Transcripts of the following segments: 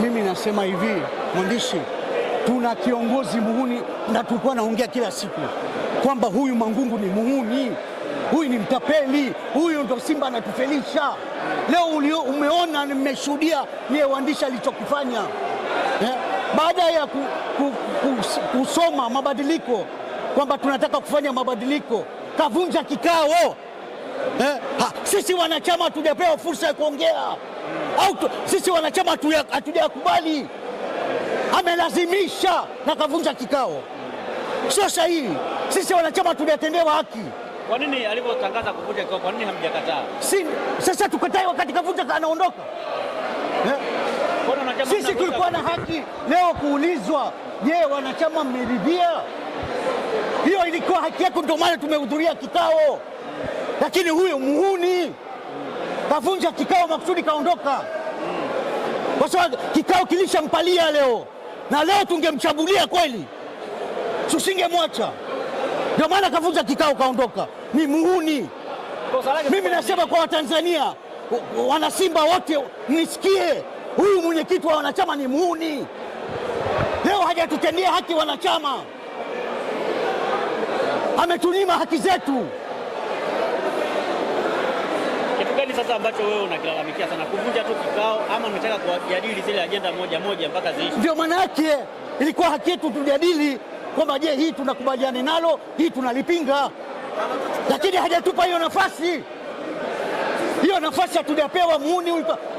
Mimi nasema hivi, mwandishi, tuna kiongozi muhuni na tulikuwa naongea kila siku kwamba huyu Mangungu ni muhuni, huyu ni mtapeli, huyu ndo Simba anatufelisha. Leo umeona, nimeshuhudia niye waandishi alichokifanya eh? Baada ya ku, ku, ku, kusoma mabadiliko kwamba tunataka kufanya mabadiliko, kavunja kikao eh? Ha, sisi wanachama hatujapewa fursa ya kuongea au sisi wanachama hatujakubali, amelazimisha na kavunja kikao, sio sahihi. Sisi wanachama hatujatendewa haki. Kwa nini alivyotangaza kuvunja kikao, kwa nini hamjakataa? Si sasa tukatae wakati kavunja anaondoka eh? Sisi tulikuwa na haki leo kuulizwa, je, wanachama mmeridhia? Hiyo ilikuwa haki yako, ndio maana tumehudhuria kikao, lakini huyo muhuni kavunja kikao makusudi, kaondoka kwa sababu kikao kilishampalia leo, na leo tungemchabulia kweli, tusingemwacha. Ndio maana kavunja kikao, kaondoka. Ni muhuni. Mimi nasema kwa Watanzania, wanasimba wote nisikie, huyu mwenyekiti wa wanachama ni muhuni. Leo hajatutendea haki wanachama, ametunyima haki zetu gani sasa ambacho wewe unakilalamikia sana? Kuvunja tu kikao ama unataka kujadili zile ajenda moja moja mpaka ziishe? Ndio maana yake ilikuwa haki yetu tujadili kwamba je, hii tunakubaliana nalo, hii tunalipinga, lakini hajatupa hiyo nafasi hiyo nafasi hatujapewa. Muuni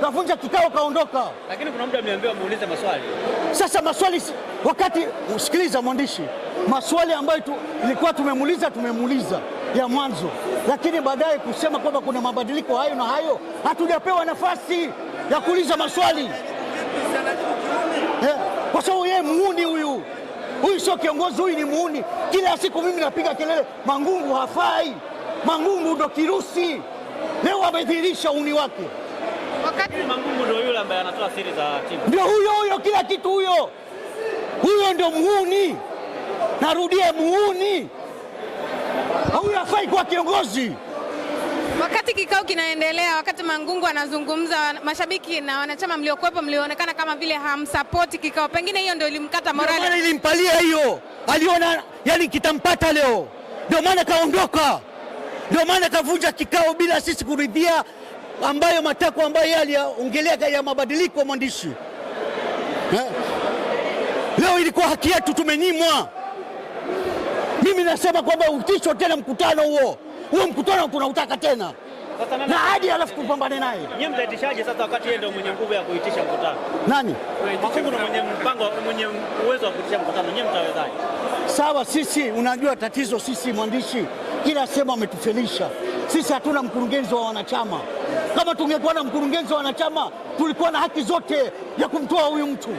kavunja kikao kaondoka, lakini kuna muda mliambiwa muulize maswali. Sasa maswali wakati, usikiliza mwandishi, maswali ambayo tu, ilikuwa tumemuuliza tumemuuliza ya mwanzo lakini baadaye kusema kwamba kuna mabadiliko hayo na hayo, hatujapewa nafasi ya kuuliza maswali eh, kwa sababu yeye muuni huyu huyu sio kiongozi, huyu ni muuni. Kila siku mimi napiga kelele, Mangungu hafai, Mangungu ndo kirusi. Leo amedhihirisha uuni wake, wakati Mangungu ndo yule ambaye anatoa siri za timu, ndio huyo huyo, kila kitu huyo huyo, ndo muuni. Narudia, muuni. Huyu hafai kuwa kiongozi. Wakati kikao kinaendelea, wakati Mangungu anazungumza, mashabiki na wanachama mliokuwepo mlionekana kama vile hamsapoti kikao, pengine hiyo ndio ilimkata morale, Ndio ilimpalia hiyo, aliona yani kitampata leo, ndio maana kaondoka, ndio maana kavunja kikao bila sisi kuridhia, ambayo matakwa ambayo yeye aliongelea ya mabadiliko mwandishi eh? Leo ilikuwa haki yetu, tumenyimwa. Mimi nasema kwamba utisho tena mkutano huo huo, mkutano tunautaka tena na hadi alafu tupambane naye. Nyinyi mtaitishaje sasa, wakati yeye ndio mwenye nguvu ya kuitisha mkutano? Nani Makungu ndio mwenye mpango, mwenye uwezo wa kuitisha mkutano, nyinyi mtawezaje? Sawa, sisi unajua tatizo, sisi mwandishi kila sema ametufelisha sisi, hatuna mkurugenzi wa wanachama. Kama tungekuwa na mkurugenzi wa wanachama, tulikuwa na haki zote ya kumtoa huyu mtu.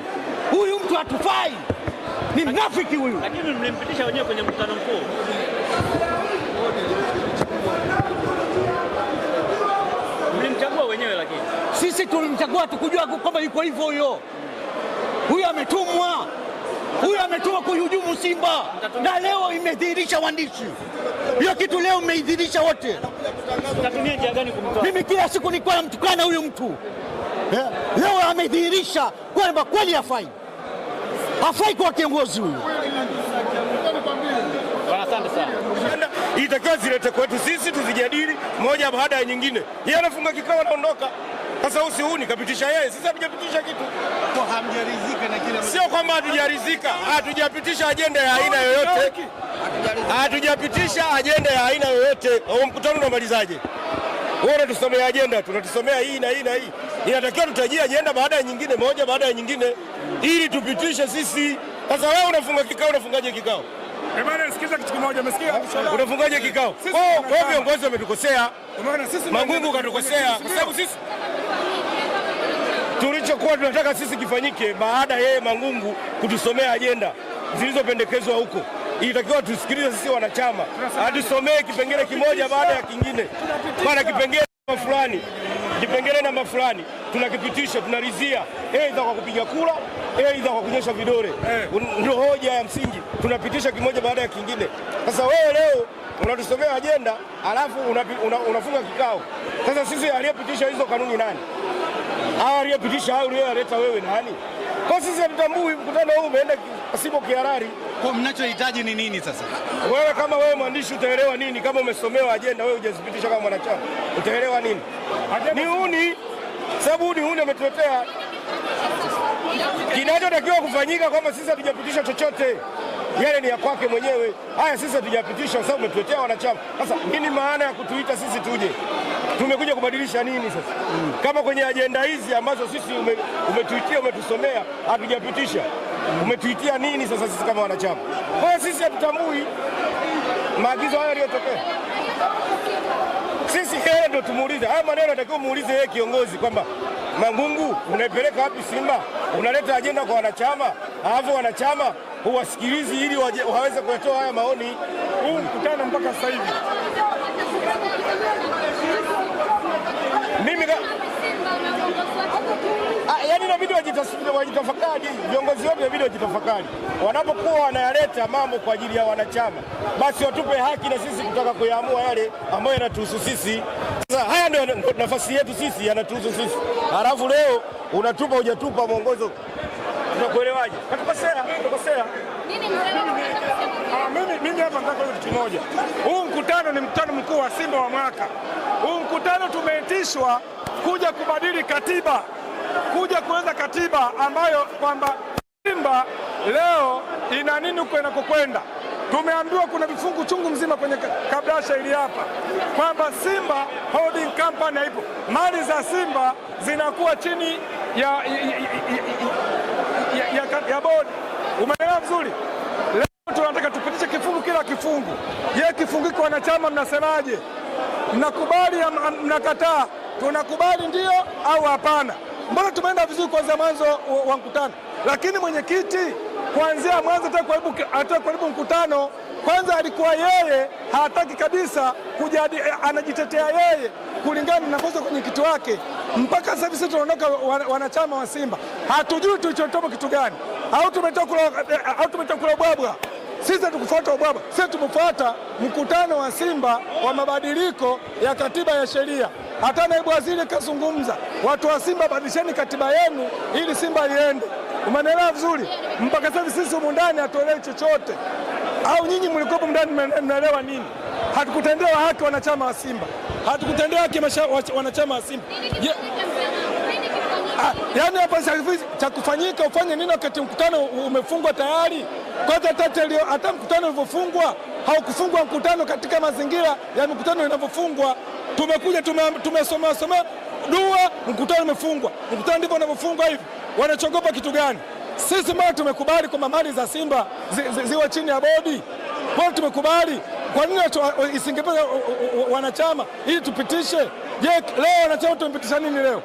Huyu mtu hatufai ni mnafiki huyu. Lakini mlimpitisha wenyewe kwenye mkutano mkuu. Mlimchagua wenyewe lakini. Sisi tulimchagua tukujua kwamba yuko hivyo huyo. Huyo ametumwa. Huyo ametumwa kuhujumu Simba na leo imedhihirisha waandishi. Hiyo kitu leo imeidhirisha wote. Mtatumia njia gani kumtoa? Mimi kila siku nilikuwa namtukana huyu mtu. Yeah. Leo amedhihirisha kwamba kweli afai hafai kuwa kiongozi huyu. Asante sana. Itakiwa zilete kwetu sisi tuzijadili moja baada ya nyingine. Yeye anafunga kikao anaondoka. Sasa usiuni kapitisha yeye, sisi hatujapitisha kitu. Kwa hamjaridhika na kile sio kwamba hatujaridhika, hatujapitisha ajenda ya aina yoyote, hatujapitisha ajenda ya aina yoyote. Au mkutano unamalizaje? Wewe unatusomea ajenda tunatusomea hii na hii na hii inatakiwa tutajie ajenda baada ya nyingine moja baada ya nyingine ili tupitishe sisi. Sasa wewe unafunga kikao, unafungaje kikao? Sikiza kitu kimoja, umesikia? Unafungaje kikao? Kwa oh, viongozi wametukosea, Mangungu katukosea, kwa sababu sisi tulichokuwa tunataka sisi kifanyike baada yeye Mangungu kutusomea ajenda zilizopendekezwa huko ilitakiwa tusikilize sisi wanachama, atusomee kipengele kimoja baada ya kingine, maana kipengele fulani kipengele namba fulani tunakipitisha, tunaridhia, aidha kwa kupiga kura, aidha kwa kunyosha vidole eh. Ndio hoja ya msingi, tunapitisha kimoja baada ya kingine. Sasa wewe leo unatusomea ajenda alafu unapi, una, unafunga kikao. Sasa sisi aliyepitisha hizo kanuni nani? Aliyepitisha hayo uliyoleta wewe nani? Kwa sisi hatutambui mkutano huu umeenda pasipo kiharari Kwa mnachohitaji ni nini sasa? Wewe kama wewe mwandishi utaelewa nini? Kama umesomewa ajenda wewe hujazipitisha kama mwanachama utaelewa nini? Ni uni sababu ni huni ametuletea kinachotakiwa kufanyika, kwamba sisi hatujapitisha chochote yale ni ya kwake mwenyewe. Haya sisi hatujapitisha kwa sababu umetuletea wanachama. Sasa nini maana ya kutuita sisi tuje? Tumekuja kubadilisha nini sasa? Mm. Kama kwenye ajenda hizi ambazo sisi umetuitia, ume umetusomea, hatujapitisha mm. umetuitia nini sasa sisi kama wanachama? Kwa hiyo sisi hatutambui maagizo hayo yaliyotokea sisi yeye ndo tumuulize haya maneno, anatakiwa muulize yeye kiongozi kwamba Mangungu, unaipeleka wapi Simba? Unaleta ajenda kwa wanachama, alafu wanachama huwasikilizi ili waweze kuyatoa haya maoni. Huu mkutano mpaka sasa hivi mimi inabidi wajitafakari, viongozi wetu inabidi wajitafakari. Wanapokuwa wanayaleta mambo kwa ajili ya wanachama, basi watupe haki na sisi kutaka kuyaamua yale ambayo yanatuhusu sisi. Sasa haya ndio nafasi yetu sisi, yanatuhusu sisi, halafu leo unatupa hujatupa mwongozo, tunakuelewaje? Hatukosea, hatukosea. Ah, mimi hapa nataka kitu kimoja. Huu mkutano ni mkutano mkuu wa Simba wa mwaka huu. Mkutano tumeitishwa kuja kubadili katiba kuja kuweza katiba ambayo kwamba Simba leo ina nini huko inakokwenda. Tumeambiwa kuna vifungu chungu mzima kwenye kabrasha ili hapa kwamba Simba Holding Company haipo, mali za Simba zinakuwa chini ya, ya, ya, ya, ya, ya bodi. Umeelewa vizuri? Leo tunataka tupitishe kifungu kila kifungu. Je, kifungu hiko wanachama mnasemaje? Mnakubali mnakataa? Tunakubali ndio au hapana? Mbona tumeenda vizuri kuanzia mwanzo wa mkutano, lakini mwenyekiti kuanzia mwanzo hata kuharibu mkutano. Kwanza alikuwa yeye hataki kabisa kujadi, eh, anajitetea yeye kulingana na nafasi kwenye mwenyekiti wake. Mpaka sasa hivi sisi tunaondoka wanachama wa Simba hatujui tulichotoka kitu gani, au tumetoka kula eh, ubwabwa. Sisi hatukufuata ubwabwa, sisi tumefuata mkutano wa Simba wa mabadiliko ya katiba ya sheria. Hata naibu waziri kazungumza, watu wa Simba badilisheni katiba yenu ili Simba iende. Umeelewa vizuri? Mpaka sasa sisi humu ndani hatuelewi chochote, au nyinyi mlikuwepo ndani mnaelewa nini? Hatukutendewa haki wanachama wa Simba, hatukutendewa haki wanachama wa Simba. Ah, yaani hapa cha kufanyika ufanye nini wakati mkutano umefungwa tayari? Kwanza hata mkutano ulivyofungwa haukufungwa mkutano katika mazingira ya mikutano inavyofungwa. Tumekuja tumesoma soma dua, mkutano umefungwa. Mkutano ndivyo unavyofungwa hivi, wanachogopa kitu gani? Sisi mara tumekubali kwamba mali za Simba ziwe zi, chini ya bodi kwa tumekubali. Kwa nini isingepeza wanachama ili tupitishe? Je, leo wanachama tumepitisha nini leo?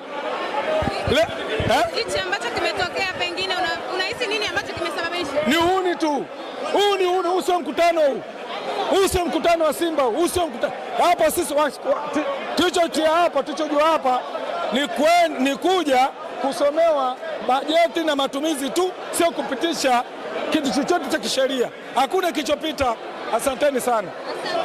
Hichi ambacho kimetokea pengine unahisi nini ambacho kimesababisha? Ni uhuni tu. Huu ni uhuni, huu sio mkutano huu. Huu sio mkutano wa Simba, huu sio mkutano hapa sisi tulichotia hapa, tulichojua hapa ni, kwen, ni kuja kusomewa bajeti na matumizi tu, sio kupitisha kitu chochote cha kisheria. Hakuna kilichopita. Asanteni sana.